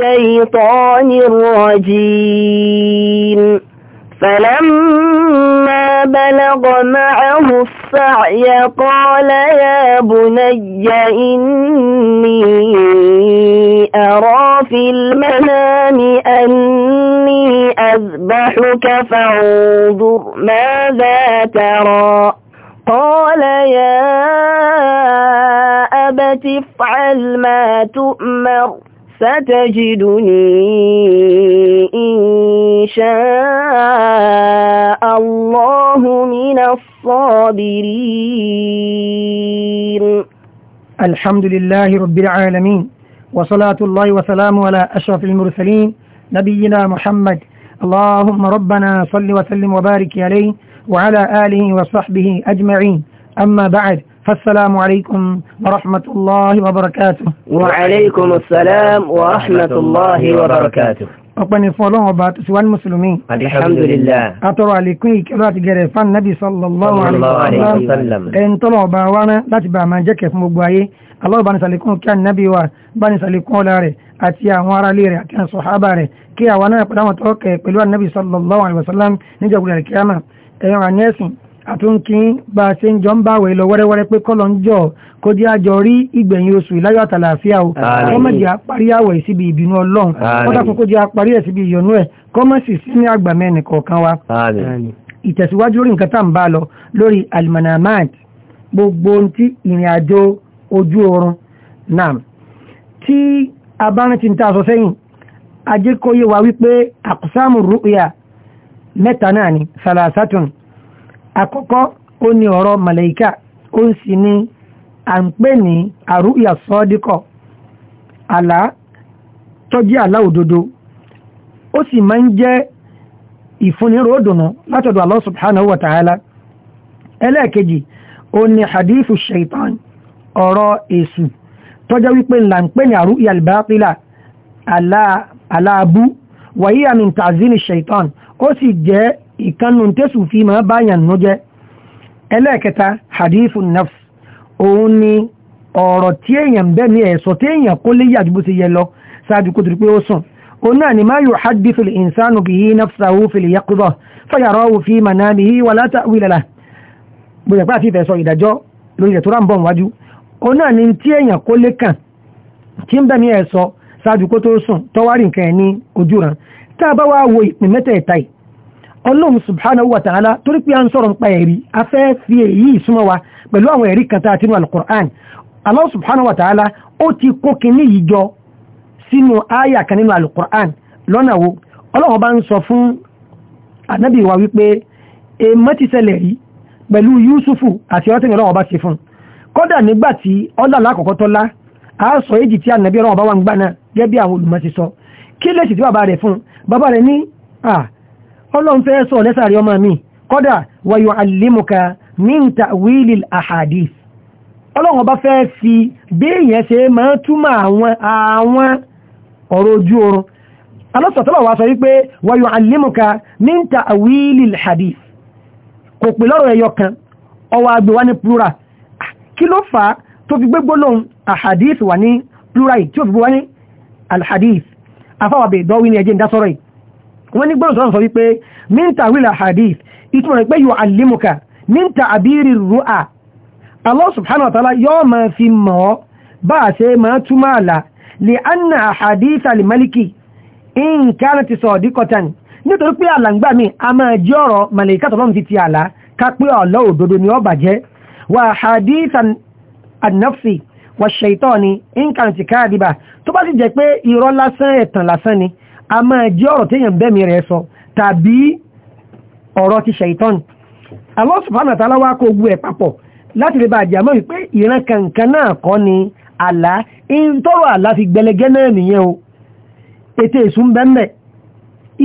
الشيطان الرجيم فلما بلغ معه السعي قال يا بني إني أرى في المنام أني أذبحك فانظر ماذا ترى قال يا أبت افعل ما تؤمر ستجدني إن شاء الله من الصابرين الحمد لله رب العالمين وصلاة الله وسلام على أشرف المرسلين نبينا محمد اللهم ربنا صل وسلم وبارك عليه وعلى آله وصحبه أجمعين أما بعد فالسلام عليكم ورحمة الله وبركاته وعليكم السلام ورحمة الله وبركاته ọ̀pẹni fún ọlọ́run ọba tó síwá ní mùsùlùmí. alhamdulillah. àtọrọ àlékún ìkẹ́lọ́ àti gẹ̀rẹ̀ fún nábì sallallahu alaihi wasallam. ẹni tọ́lọ̀ ọba wá rán láti bá máa jẹ́kẹ̀ fún gbogbo ayé alọ́ọ̀bá ní sàlékún kí ànábì wa bá ní sàlékún ọlá rẹ̀ àti àwọn ará ilé rẹ̀ àti àtúnkín bá a ṣe ń jọ ń báwẹ̀ lọ wẹ́rẹ́wẹ́rẹ́ pé kọ́lọ̀ ń jọ kó jẹ́ àjọ rí ìgbẹ̀yìn oṣù ìláyọ̀ àtàlàáfíà o kọ́mọ̀jì àparí àwẹ̀ síbi ìbínú ọlọ́run kọ́tàkùn kó jẹ́ àparí ẹ̀ síbi ìyọnú ẹ̀ kọ́mọ̀sì sí ní àgbàmẹ́ nìkọ̀ọ̀kan wa ìtẹ̀síwájú lórí ti ìrìn àjò ojú oorun náà tí a bá rántí ní salasatun àkọ́kọ́ ó ní ọ̀rọ̀ màláíkà ó ń sì ní à ń pè ní àrúyà sọ́díkọ̀ àlá tó jẹ́ àlá òdodo ó sì máa ń jẹ́ ìfúnni ròdùnú látọ̀dọ̀ Allah subhanahu wa ta'ala ẹlẹ́ẹ̀kejì ó ní hadithu shaitan ọ̀rọ̀ èṣù tó wípé ńlá ń pè ní àrúyà albatila àlá àlá abú wàyíyà min shaitan ó sì jẹ́ ìkanu tẹ́sù fi máa báyàn nú jẹ́ ẹlẹ́ẹ̀kẹta hadithu nafs òun ni ọ̀rọ̀ tí èèyàn bẹ́ ní ẹ̀sọ̀ tí èèyàn kó lé yàjú bó ti yẹ lọ sáájú kó torí pé ó sùn òun náà ni máa yóò hadithu ìsánu bí i nafsahu fil yaqdha fayarahu fi manamihi wala ta'wila lahu bóyá pé àti ìfẹ́ sọ ìdájọ́ lórí ẹ̀ tó rà ń bọ̀ wájú òun náà ni tí èèyàn kó lé kàn tí ń bẹ́ ní ẹ̀sọ̀ sáájú kó tó sùn tọ́wárì nǹkan ẹ̀ ní ojú ràn tá a bá wá wo ìpín mẹ́tẹ̀ẹ̀ta yìí ọlọ́run subhanahu wa ta'ala torí pé a ń sọ̀rọ̀ nípa ẹ̀rí afẹ́ fi èyí ìsúnmọ́ wa pẹ̀lú àwọn ẹ̀rí kan tá a ti nú alukur'an Allah subhanahu wa ta'ala ó ti kó kíní yìí jọ sínú àyà kan nínú alukur'an lọ́nà wo ọlọ́run bá ń sọ fún anabi wa wípé èèmọ́ ti ṣẹlẹ̀ rí pẹ̀lú yusufu àti ọtí ni ọlọ́run bá ṣe ti fún ọlọ́run fẹ́ sọ lẹ́sàrí ọmọ mi kọ́dà wa yu'allimuka min ta'wilil ahadith ọlọ́run ọba fẹ́ fi béèyàn ṣe máa túmọ̀ àwọn àwọn ọ̀rọ̀ ojú oorun alọ́sọ̀tọ́lọ̀ wa sọ wípé wa yu'allimuka min ta'wilil hadith kò pè lọ́rọ̀ ẹyọ kan ọwọ́ agbèwá ní plural ah, kí ló fà á tó fi gbégbó lóhun ahadith wà ní plural tí ó fi gbé wá ní alhadith afáwàbẹ̀ ìdọ́wí ní ẹjẹ́ ìdásọ́rọ̀ yìí wọ́n ní gbọ́nà sọ wípé minta wílà hadith ìtumọ̀ rẹ̀ pé yóò alimuka minta abiri ru'a Allah subhanahu wa ta'ala yóò ma fi mọ̀ ọ́ bá a ṣe ma túmọ̀ àlà lè anna hadith alimaliki in kana ti sọ díkọtan nítorí pé àlàǹgbà mi a máa jẹ́ ọ̀rọ̀ màlẹ̀kátọ̀lọ́m ti ti àlà ká a máa jẹ́ ọ̀rọ̀ tí èyàn bẹ́mi rẹ̀ sọ tàbí ọ̀rọ̀ ti ṣẹ̀ìtọ́n Allah subhanahu wa ta'ala wá kó gbú ẹ̀ papọ̀ láti lè bá àjàmọ́ wípé ìran kankan náà kọ́ ni àlá in tọ́rọ àlá fi gbẹlẹgẹ́ náà nìyẹn o ètè èsù ń bẹ́ńbẹ̀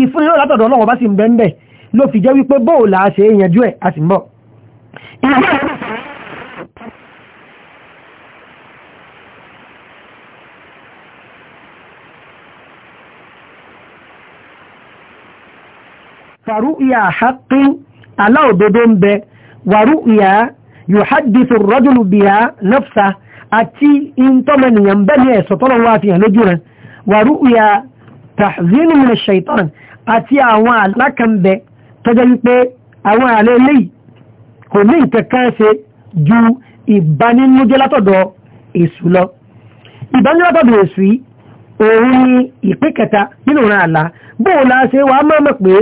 ìfún yóò látọ̀dọ̀ ọlọ́wọ́ bá sì ń bẹ́ńbẹ̀ ló fi jẹ́ wípé bóòlà ṣe é yanjú ẹ̀ a sì ń bọ̀ wàrú ìyá haqqin aláòdodo ń bẹ wàrú ìyá yuhaddisu rọ́jùlù biha nafsa àti intọ́mẹnìyàn bẹ́ẹ̀ ni ẹ̀sọ̀ tọ́lọ̀ wá fi hàn lójú rẹ̀ wàrú ìyá tahzinu min shaitan àti àwọn alákànbẹ tọ́jọ́ wípé àwọn àlẹ́ eléyìí kò ní ìkẹ́kẹ́ ṣe ju ìbanínújẹ́ látọ̀dọ̀ èṣù lọ ìbanilátọ̀dọ̀ òun ni ìpín kẹta nínú ìran àlá bóòlá ṣe wàá mọ́mọ́ pé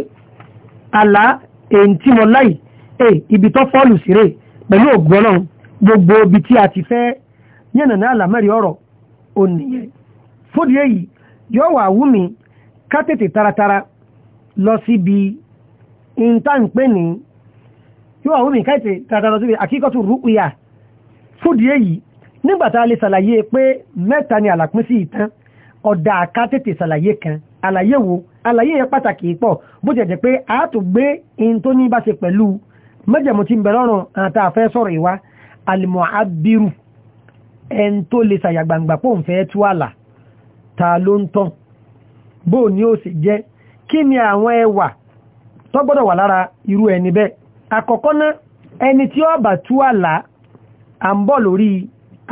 àlá èyí tí mo láì ẹ eh, ibi tó fọ́ọ̀lù sí rè pẹ̀lú ògbọ́n náà gbogbo ibi tí a ti fẹ́ yẹn nàná àlámẹ́rì ọ̀rọ̀ ònìyẹn fódì èyí yóò wà wú mi taratara lọ síbi ìntànpé ní yóò wà wú mi taratara lọ síbi àkíkọ́tù rúkúyà fódì èyí nígbàtà lè ṣàlàyé pé mẹ́ta ni àlàpín sí ìtàn ọ̀dà ká tètè kan àlàyé wo àlàyé yẹn pàtàkì pọ̀ bó jẹ́ pé a tó gbé in tó ní bá ṣe pẹ̀lú mẹ́jẹ̀mú ti ń bẹ lọ́rùn àti àfẹ́ sọ̀rọ̀ ìwá alìmọ̀ abiru ẹn tó lè ṣàyà pò ń fẹ́ tú àlà ta ló ń tàn bó ní ó sì jẹ́ kí ni àwọn ẹwà tó gbọ́dọ̀ wà lára irú ẹni bẹ́ẹ̀ àkọ́kọ́ ná ẹni tí ó bá tú àlà à ń bọ̀ lórí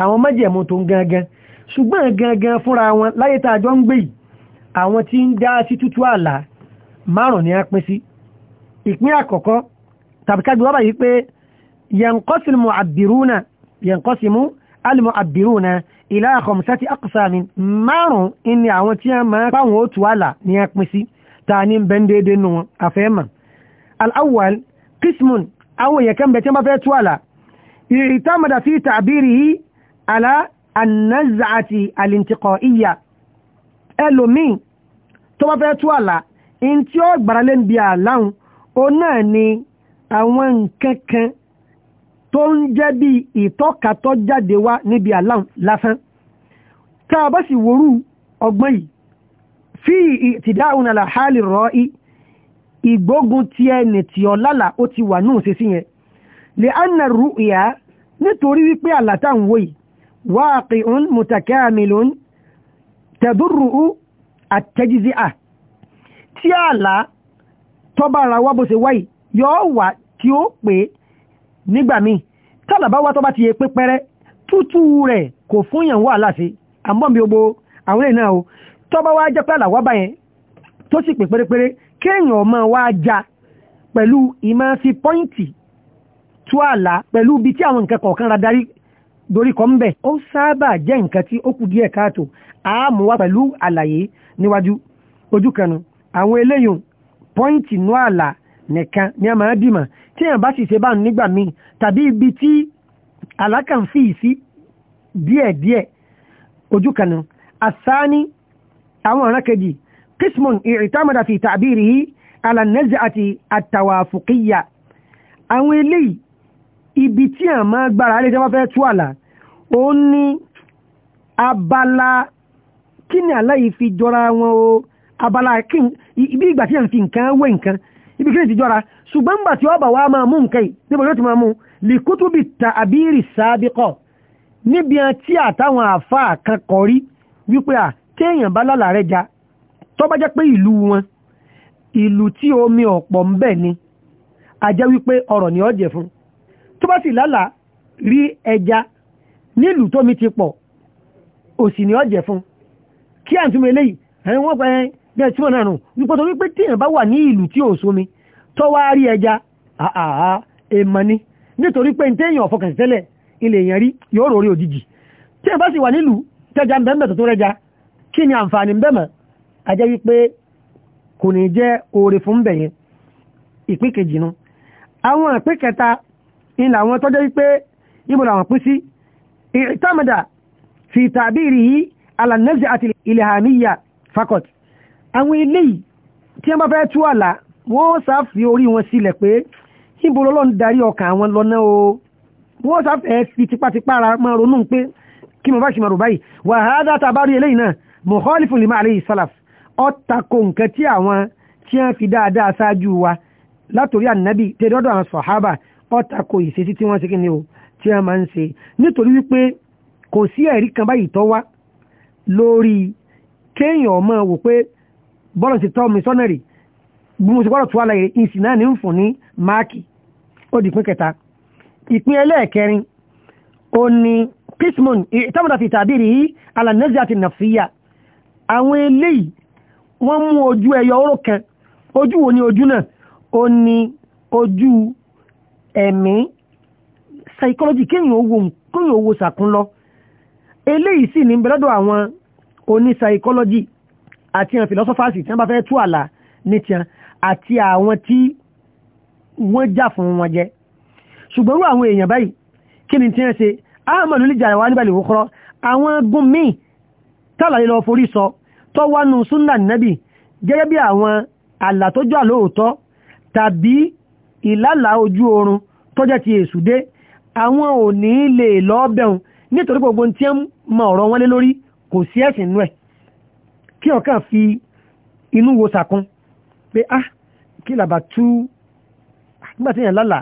àwọn mẹ́jẹ̀mú tó ń gangan ṣùgbọ́n gangan fúnra wọn láyé tá a jọ ń gbé yìí àwọn tí ń dá sí tútú àlà márùn ní a pín sí ìpín àkọ́kọ́ tàbí ká gbọ́bà yìí pé yankosimu abiruna yankosimu alimu abiruna ilá àkọmùsátí akọsàmì márùn ní àwọn tí a máa pàwọn òtù àlà ní a pín sí ta ní bẹ́ndéédé nù wọn àfẹ́mà al'awwal kismun àwọn èèyàn kan bẹ̀ fẹ́ tú àlà ìrìtàmàdà fi tàbírí àlà annazati alintiqo'iyya ẹlòmíì tó bá fẹ́ tú àlá in tí ó gbàrálé ń bi àláhùn ó náà ni àwọn nǹkan kan tó ń jẹ́ bí ìtọ́ka tó jáde wá níbi àláhùn lásán tá a bá sì wòrú ọgbọ́n yìí fi ìtìdáhùn àlàhálì rọ́ ìgbógun ti ẹni tí ọlálà ó ti wà náà sí yẹn anna ru'ya nítorí wípé àlàtà ń wòyí wáàkì un mutakamilun tẹ̀dúrù àtẹ́jísí à tí àlá tọ́bá ara wá bó ṣe wáyìí yóò wà tí ó pé nígbà míì tọ́lá bá wá tọ́bá ti yẹ pé pẹ́rẹ́ tútù rẹ̀ kò fún yàn wà láti àmọ́bí gbogbo àwọn èèyàn náà o tọ́bá wá jẹ́ pé àlá wá báyẹn tó sì pè pérépéré kéèyàn máa wá já pẹ̀lú ìmọ̀ fi pọ́ìntì tú àlá pẹ̀lú ibi tí àwọn nǹkan kọ̀ọ̀kan ra darí doríkọ ń bẹ̀ ó sábà jẹ́ nǹkan tí ó kù díẹ̀ káàtó àmúwá pẹ̀lú àlàyé níwájú ojú kanu àwọn eléyìí pọ́ìntì nú àlà nìkan ni a máa dìmọ̀ tí èèyàn bá sì ṣe bá nígbà míì tàbí ibi tí alákànfì sí díẹ̀díẹ̀ ojú kanu àsáání àwọn ọ̀ràn kejì kismun ìrìtàmọ̀dà fi tàbí rí alànẹ́zẹ̀ àti àtàwàfùkìyà àwọn eléyìí ibi tí à ń mọ́ gbára lè jẹ́wọ́ fẹ́ tú àlà ó ní abala kí ni aláyìí fi jọra wọn o abala kí ibi ìgbà tí à ń fi nǹkan wé nǹkan ibi kí ni ti jọra ṣùgbọ́n gbà tí ọba wa máa mú nǹkan yìí níbo ni ó ti máa mú lìkútùbì tàbírì sábíkọ̀ níbi tí àtàwọn àfáà kan kọ̀ rí wípé à téèyàn bá lálàá rẹ̀ já tó bá jẹ́ pé ìlú wọn ìlú tí omi ọ̀pọ̀ ń bẹ ni a jẹ́ wípé ọ̀rọ̀ ni ó jẹ́ fún tó bá sì lálà rí ẹja nílùú tómi ti pọ̀ òsì ni ọjẹ́ fún kí à ń túnmọ̀ eléyìí ẹni wọ́n pẹ́ bẹ́ẹ̀ tí wọ́n náà nù wípé torí pé tíyàn bá wà ní ìlú tí ò sómi tó wá rí ẹja àà èèmọ̀ ni nítorí pé téèyàn ọ̀fọkàn tẹ́lẹ̀ ilé èèyàn rí yóò rò rí òjijì tíyàn bá sì wà nílùú tẹ́ja bẹ́ẹ̀ tó tó rẹja kí ni àǹfààní bẹ́ẹ̀ a àwọn ìpín kẹta ilà àwọn tọ́jọ́ wípé ibùdó àwọn pín sí ìtàmàdà fi tàbírí yìí alànẹ́fẹ́ àti ilẹ̀hàmíyà fakọt àwọn ilé yìí tí wọ́n bá fẹ́ tú àlà wọ́n sáfi orí wọn sílẹ̀ pé ìbòrò lọ́n darí ọkàn àwọn lọ́nà o wọ́n sáfẹ́ fi tipátipá ara máa ronú pé kí mo bá ṣe mọ̀rọ̀ báyìí tẹ́dọ́dọ̀ àwọn sọ̀hábà ọ̀tàkò ìṣesí tí wọ́n ṣe kí ni o tí a máa ń ṣe nítorí wípé kò sí ẹ̀rí kan báyìí tọ́ wá lórí kéèyàn ọmọ wò pé bọ́lọ̀ ti tọ́ mi sọ́nà rè bí mo ti gbọ́dọ̀ tó àlàyé ìsìn náà ní ń fún ní máàkì ó di ìpín kẹta ìpín ẹlẹ́ẹ̀kẹrin ó ní kismun ìtàmùdà fi tàbí rí àti nàfíyà àwọn eléyìí wọ́n mú ojú ẹyọ oró kan ojú wo ni ojú náà ó ní ojú ẹ̀mí psychology kéèyàn owó kéèyàn owó sàkún lọ eléyìí sì ní bẹ́lọ́dọ̀ àwọn oní psychology àti àwọn philosophers tí wọ́n bá fẹ́ tú àlà ní tiẹ̀ àti àwọn tí wọ́n jà fún wọn jẹ́ ṣùgbọ́n àwọn èèyàn báyìí kí ni tí wọ́n ṣe ahmadu lè jàrẹ̀wá níbàlẹ̀ òkúrọ́ àwọn gun míì tààlàyé lọ forí sọ tó wá nù nẹ́bì gẹ́gẹ́ bí àwọn àlà tó jọ àlóòótọ́ tàbí ìlàlà ojú oorun tọ́jẹ́ ti èsù dé àwọn ò ní lè lọ́ọ́bẹ̀un nítorí gbogbo tí ń mọ ọ̀rọ̀ wọn lé lórí kò sí ẹ̀sìn inú ẹ̀ kí ọ̀kan fi inú wo sàkún pé ah kí làbà tú nígbàtí èèyàn lálà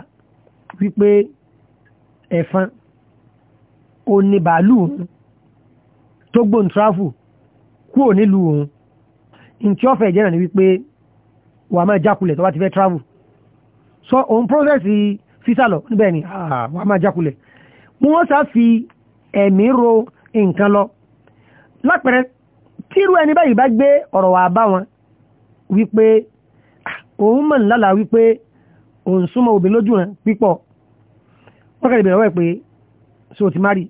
wípé ẹ̀fọn ò ní bàálù òun tó gbóhùn tráfù kúrò nílùú òun ntí ọ̀fẹ́ ìjẹ́nà ni wípé wàá máa jákulẹ̀ tó bá ti fẹ́ tráfù So on process fisa lọ níbẹ̀ ni ah. Ah, wà máa jákulẹ̀ wọ́n sá fi ẹ̀mí ro nǹkan lọ lápẹẹrẹ tírú ẹni báyìí bá gbé ọ̀rọ̀ wà bá wọn wípé ah, òun mọ̀ nílàlà wípé òun súnmọ́ obìnrin lójú rẹ̀ pípọ̀ wọ́n kẹ́lẹ̀ bẹ̀rẹ̀ wẹ́ pé so ti mari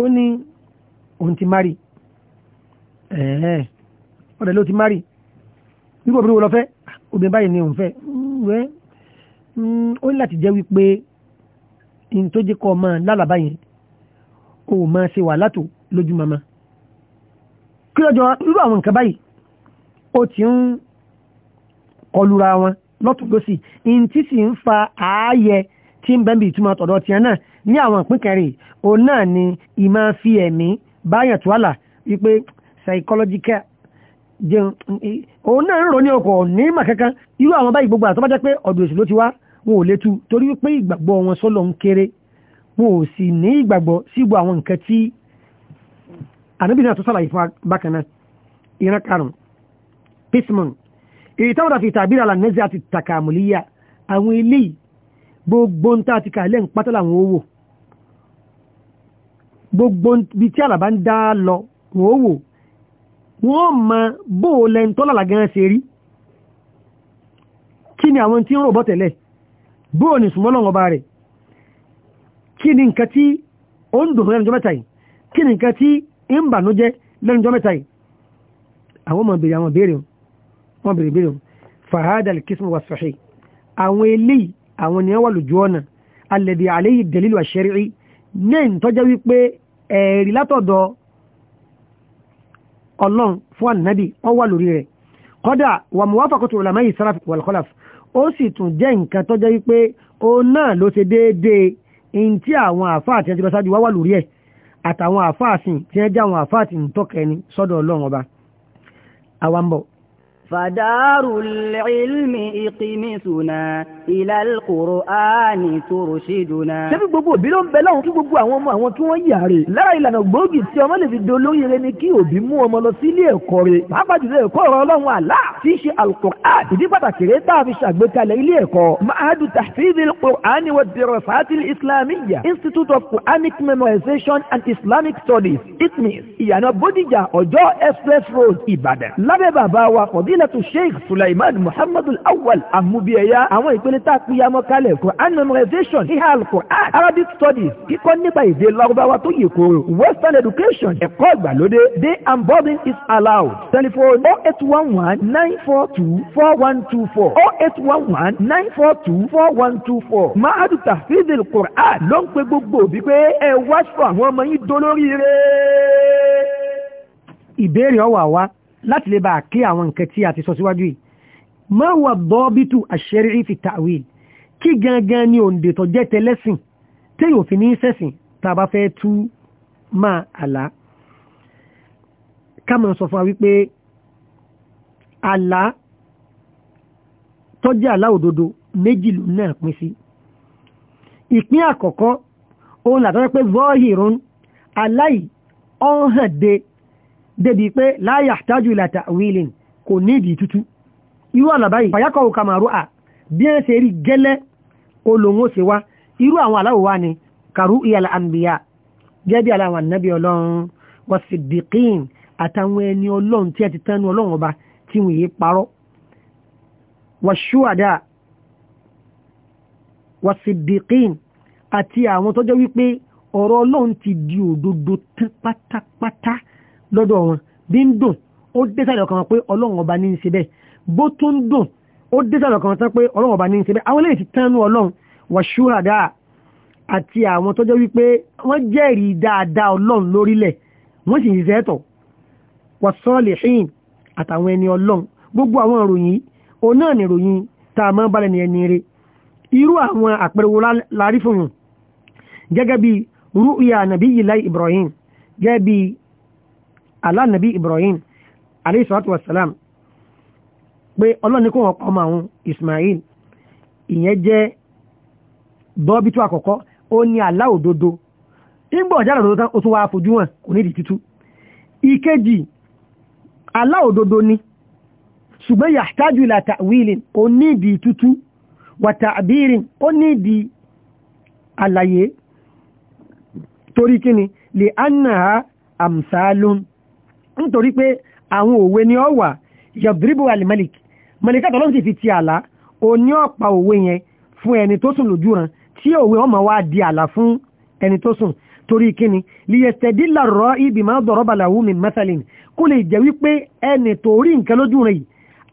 ó ní òun ti mari ẹ̀ẹ́ ọ̀rẹ́ ló ti mari wípé obìnrin wo lọ fẹ́ obìnrin báyìí ni òun fẹ́ wẹ́ẹ́ Mm, ó láti jẹ́ wípé in tó jẹ́ kọ́ ọmọ lálàbá yẹn o máa ṣe wà látò lójú mama kí ọjọ́ irú àwọn nǹkan báyìí ó ti ń kọlura wọn lọ́tùlọ́sì in tí sì ń fa ààyẹ tí ń bẹ́ẹ̀ bí ìtumọ̀ tọ̀dọ̀ tiẹ̀ náà ní àwọn ìpín kẹrin òun náà ni ìmọ̀ fi ẹ̀mí báyàn tó àlà wípé psychological jẹun òun náà ń ronú ọkọ̀ ní ìmọ̀ kankan irú àwọn báyìí gbogbo àtọ́bájá pé ọ̀dọ̀ èsì ti wá wọn ò lè tu torí wípé ìgbàgbọ́ wọn sọ́lọ̀ ń kéré wọn ò sì ní ìgbàgbọ́ síbu àwọn nǹkan tí ànábì náà tó sàlàyé fún bákan náà ìran karùn-ún pismon èyí táwọn dàfi tàbí àlà nẹ́sẹ̀ àti tàkàmùlíyà àwọn ilé gbogbo ń tàà ti kàlẹ́ ń pátá làwọn owó gbogbo bí tí àlàbá ń dá lọ wọ́n wò wọ́n mọ bóòlẹ̀ ń tọ́lá làgán ṣe rí kí ni àwọn tí ń rò bọ́ tẹ̀lẹ̀ bóò ní súnmọ́ lọ́wọ́ bá rẹ̀ kí ni nǹkan tí ó ń dùn lẹ́nu jọmẹ́ta yìí kí ni nǹkan tí ń bànújẹ́ lẹ́nu jọmẹ́ta yìí àwọn ọmọ bèrè àwọn bèrè wọn bèrè bèrè fàhádà kìsìmù wà sọ̀hí àwọn eléyìí àwọn ènìyàn wà lójú ọ̀nà alẹ́dẹ̀ àléyìí dẹ̀lílù àṣẹrí ní ìtọ́jẹ́ wípé ẹ̀rí látọ̀dọ̀ ọlọ́run fún ànábì ọ wà lórí rẹ̀ kọ́dà wà mú wáfàkọ́tù ọ̀làmáyì sáràfì wàlúkọ́láfì ó sì tún jẹ́ nǹkan tó jẹ́ wípé òun náà ló ṣe déédéé in tí àwọn àfáà tí wọ́n ti bá ṣáájú wá wà lórí ẹ̀ àtàwọn àfáà sìn tí wọ́n àwọn àfáà tí ń tọ́kẹ́ ni sọ́dọ̀ ọlọ́run ọba àwa ń فدار العلم اقمسنا إلى القرآن ترشدنا ṣebí gbogbo òbí ló ń bẹ láwọn kí gbogbo àwọn ọmọ àwọn tí wọ́n yà rè lára ìlànà gbòógì tí ọmọ lè fi di olóríire ni kí òbí mú ọmọ lọ sí ilé ẹ̀kọ́ rẹ̀ pàápàá jùlọ ẹ̀kọ́ ọ̀rọ̀ ọlọ́run àlá tí í ṣe alukur'an ìdí pàtàkì rẹ̀ tá a fi ṣàgbékalẹ̀ ilé ẹ̀kọ́ mahadu tahfiz al-qur'an wa dirasat al-islamiyya institute of quranic memorization and islamic studies itmis ìyànà bódìjà ọjọ́ express road ìbàdàn lábẹ́ bàbá wa kọ̀dí fadilatu sheikh sulaiman muhammadu awal amubiyaya àwọn ìpele tá a píya mọ́ kalẹ̀ quran memorization hiha al-quran arabic studies kíkọ́ nípa èdè lọ́rọ́báwá tó yè kóró western education ẹ̀kọ́ ìgbàlódé day and bobbing is allowed telephone oh eight one one nine four two four one two four oh eight one one nine four two four one two four mahadu tahfiz quran ló ń pe gbogbo òbí pé ẹ wá sọ àwọn ọmọ yín dolóríire. ìbéèrè ọ̀wà wa láti lè bá kí àwọn nǹkan tí a ti sọ síwájú yìí ma huwa dọ́bítù àṣẹ́rí fi ta'wil kí gangan ni òǹdè tó jẹ́ tẹlẹ́sìn tí yóò fi ní sẹ́sìn tá a bá fẹ́ tú máa àlá kámọ̀ sọ fún wípé àlá tó àlá òdodo méjì ló náà pín sí ìpín àkọ́kọ́ òun làtọ́jọ́ pé zọ́ọ̀hìrún aláì ọ̀hàn de débi pé la yahtaju ila ta'wilin kò nídìí tútú irú àlàbáyìí fàyàkọ̀ òkà màrú à bí ẹ ṣe rí gẹ́lẹ́ olóhùn ó ṣe wá irú àwọn aláwọ̀ wá ni kàrú ìyàlà àmbìyà gẹ́bí aláwọ̀ ànábì ọlọ́run wọ́n sì dìkín àti àwọn tó wípé ọ̀rọ̀ ọlọ́run ti di òdodo pátápátá lọ́dọ̀ wọn bí ń dùn ó dé sáré ọkàn wọn pé ọlọ́run ọba ní í ṣe bẹ́ẹ̀ bó tún ń dùn ó dé sáré ọkàn wọn tán pé ọlọ́run ọba ní í ṣe bẹ́ẹ̀ àwọn eléyìí ti tánú ọlọ́run wà ṣúradà àti àwọn tó jẹ́ wípé wọ́n jẹ́rìí dáadáa ọlọ́run lórílẹ̀ wọ́n sì ń ṣiṣẹ́ tọ̀ wà sọ́ọ̀lì ṣìn àtàwọn ẹni ọlọ́run gbogbo àwọn ìròyìn òun náà nìròyìn tá a máa balẹ̀ ẹni rẹ̀ irú àwọn àpẹẹrẹ wo fún un gẹ́gẹ́ bí rúùyà nàbí yìí láì Ibrahim gẹ́gẹ́ bí alánàbí Ibrahim alayhi salatu wassalam pé ọlọ́run ní kó wọn pa ọmọ àwọn Ismail ìyẹn jẹ́ dọ́bítú àkọ́kọ́ ó ní àlá òdodo nígbà ọ̀jára òdodo tán ó tún wá fojú wọn kò ní ìdí títú ìkejì àlá òdodo ni ṣùgbọ́n yàtájú ìlà tàwílìn ó ní ìdí wàtà àbírin ó ní ìdí àlàyé torí kíni lè anna amsalun nítorí pé àwọn òwe ni ọ wà yabdribu alimalik mọ̀lẹ́kà tọ́lọ́ sì fi ti àlá òní ọ̀pá òwe yẹn fún ẹni tó sùn lójú ran tí òwe ọmọ wa di àlá fún ẹni tó sùn torí kíni liyestedila rọ ibi máa dọ̀rọ̀ balawu min masalin kó lè jẹ́ wípé ẹni tó rí nǹkan lójú rẹ̀ yìí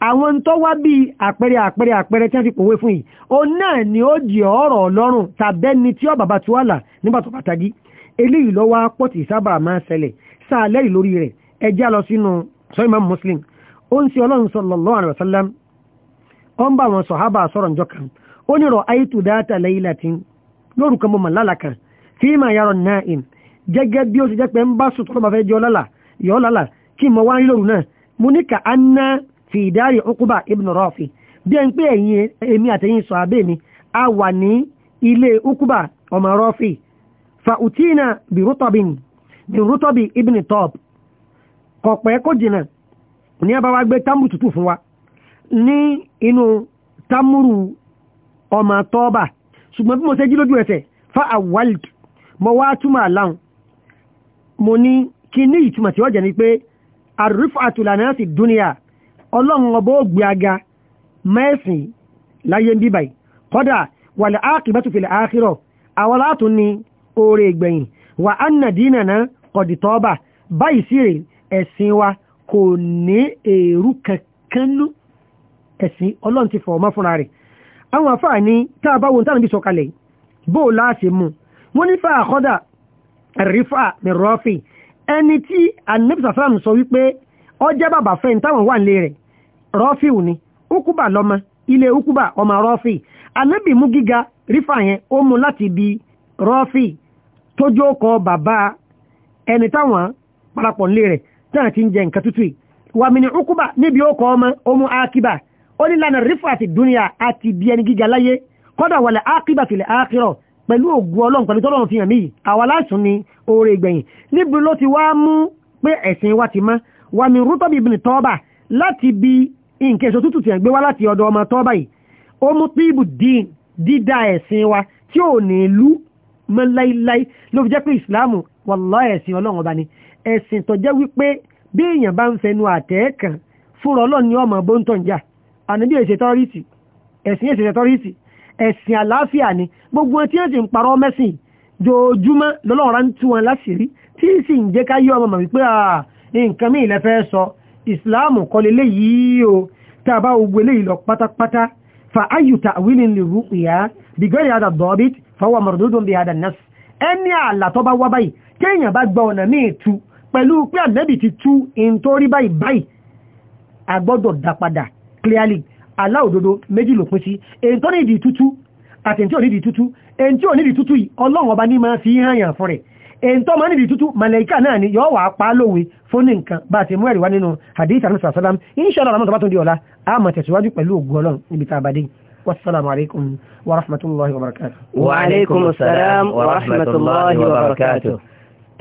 àwọn tó wá bí àpẹẹrẹ àpẹẹrẹ àpẹẹrẹ tí wọ́n fi pòwe fún yìí ó náà ni ó di ọ̀rọ̀ ọlọ́run tàbẹ́ni tí ó bàbá tí wọ́n là nígbà tó pàtàkì eléyìí lọ́wọ́ pọ̀tì sábà máa ṣẹlẹ̀ sáà lẹ́yìn lórí rẹ̀ ẹjá lọ sínú sọ́yìn Imam Muslim ó ń ṣe ọlọ́run sallallahu alaihi wasallam ó ń bá wọn sọ̀hábà sọ̀rọ̀ njọ́ kan ó ní ra'aytu dhata laylatin lóru kan mo mọ̀ lálà kan tí mà yàrá náà ìm gẹ́gẹ́ bí ó ti jẹ́ pé ń bá sùn tó bá fẹ́ jẹ́ ọlọ́là yọ́ lálà kí mo wá ń lóru náà mo ní ka anna fi dari Uqba ibn Rafi bí ẹn pé ẹ̀yin èmi àtẹ̀yìn sọ abẹ́ mi a wà ní ilé Uqba ọmọ Rafi fa utina bi rutabin ibn Tab kọ̀pẹ́ kò jìnà ní ẹbá wá gbé támù tútù fún wa ní inú támùrù ọmọ tọ́ọ̀bà ṣùgbọ́n bí mo ṣe jí lójú ẹsẹ̀ fa àwàlìkì mo wá túmọ̀ àláhùn mo ní kí ní ìtumọ̀ tí ó jẹ́ ni pé àrífà àtùlànà sí dúníà ọlọ́run ọbọ̀ ògbé aga mẹ́sìn láyé ń bíbàì kọ́dà wà lè áàkìbẹ́tù àwọn látún ni oore ìgbẹ̀yìn wà á nà dínà náà kọ̀dìtọ́ọ̀bà báyìí sí rèé ẹ̀sìn wa kò ní èrú kankanú ẹ̀sìn ọlọ́run ti fọ̀ọ́mọ́ fúnra rẹ̀ àwọn àfáà ní tá a bá wo táwọn ibi sọ̀kalẹ̀ bó o láàṣẹ mu wọ́n ní fáà kọ́dà rífà mẹ́rọ́fì ẹni tí anẹ́bùsà sọ wípé ọjẹ́ bàbá fẹ́ táwọn wà nílé rẹ̀ rọ́fì ò ukuba lọ́mọ ilé ukuba ọmọ rọ́fì anẹ́bì mú gíga rífà yẹn ó mú láti bi rọ́fì tójú ọkọ̀ bàbá ẹni táwọn parapọ̀ nílé rẹ̀ tán àti ń jẹ nǹkan tútù wà mí ní ukuba níbi ọkọ̀ ọmọ ọmọ akíbà ó ní lánàá rífà àti dúnìyà àti bí ẹni gíga láyé kọ́dà wà lẹ̀ akíbà fìlẹ̀ akírọ̀ pẹ̀lú ògùn ọlọ́run pẹ̀lú tọ́lọ́run fi hàn mí àwa láṣùn ni oore ìgbẹ̀yìn níbi ló ti wá mú pé ẹ̀sìn wa ti mọ́ wà mí rútọ́ bí ibìnrin tọ́ọ́bà láti bí nǹkan èso tútù ti hàn gbé wá láti ọ̀dọ̀ ọmọ tọ́ọ́bà yìí ó mú píìbù ẹ̀sìn tó jẹ́ wípé bí èèyàn bá ń fẹnu àtẹ́ kan fúnra ọlọ́run ni ọmọ bó ń tàn jà ànábì èsè tọ́rìtì ẹ̀sìn èsè tọ́rìtì ẹ̀sìn àlàáfíà ni gbogbo tí wọ́n sì ń parọ́ mẹ́sìn jòjúmọ́ lọ́lọ́run ń tú wọn láṣìírí tí sì ń jẹ́ ká yí ọmọ mọ̀ wípé nǹkan mí ilẹ̀ fẹ́ sọ ìsìláàmù kọ́ leléyìí o tá a bá gbogbo eléyìí lọ pátápátá fa ayu ta'wilin li ru'ya bi ghairi hadha ad-dabit fa huwa mardudun bi hadha an-nas ẹni àlà tó bá wá báyìí kéèyàn bá gba ọ̀nà míì tu pẹ̀lú pé ànẹ́bì ti tú in tó rí báyìí báyìí agbọ́dọ̀ dápadà clearly aláòdodo méjì ló pín sí èyí tó nídìí tútú àti èyí tí ò nídìí tútú èyí tí ò nídìí tútú yìí ọlọ́run ọba ní máa fi hàn yàn fún rẹ̀ èyí tó máa nídìí tútú màlẹ́kà náà ni yọ́ wà á pa lówe fún ní nǹkan bá ti mú ẹ̀rí wá nínú hadith anúṣà sálám inshallah ramọ́ tó bá tún di ọ̀la a máa tẹ̀síwájú pẹ̀lú والسلام عليكم ورحمة الله وبركاته وعليكم السلام ورحمة الله وبركاته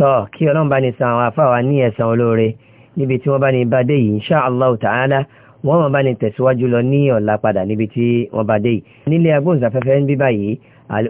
tọ́ kí ọlọ́run bá ní san àwọn afáwa ní ẹ̀san olóore níbi tí wọ́n bá ní bá dé yìí insha Allah ta'ala wọ́n máa bá ní tẹ̀síwájú lọ ní ọ̀la padà níbi tí wọ́n bá dé yìí nílé agbóhùnsáfẹ́fẹ́ ń bí báyìí